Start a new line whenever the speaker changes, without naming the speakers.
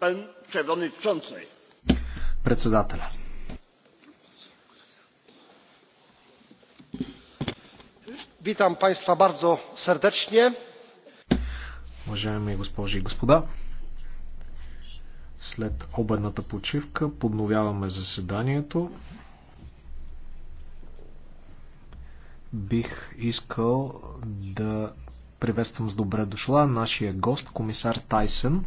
Пан Przewodniczący. Witam Państwa bardzo serdecznie.
Уважаеми госпожи и господа, след обедната почивка подновяваме заседанието. Бих искал да приветствам с добре дошла нашия гост, комисар Тайсън.